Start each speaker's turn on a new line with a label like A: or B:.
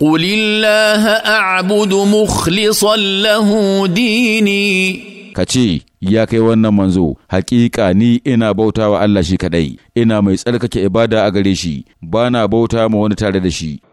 A: قل الله أعبد
B: مخلصا له
A: ديني kace ya kai wannan manzo hakika ni ina bauta wa Allah shi kadai ina mai tsarkake ibada a gare shi bana bauta ma wani tare da shi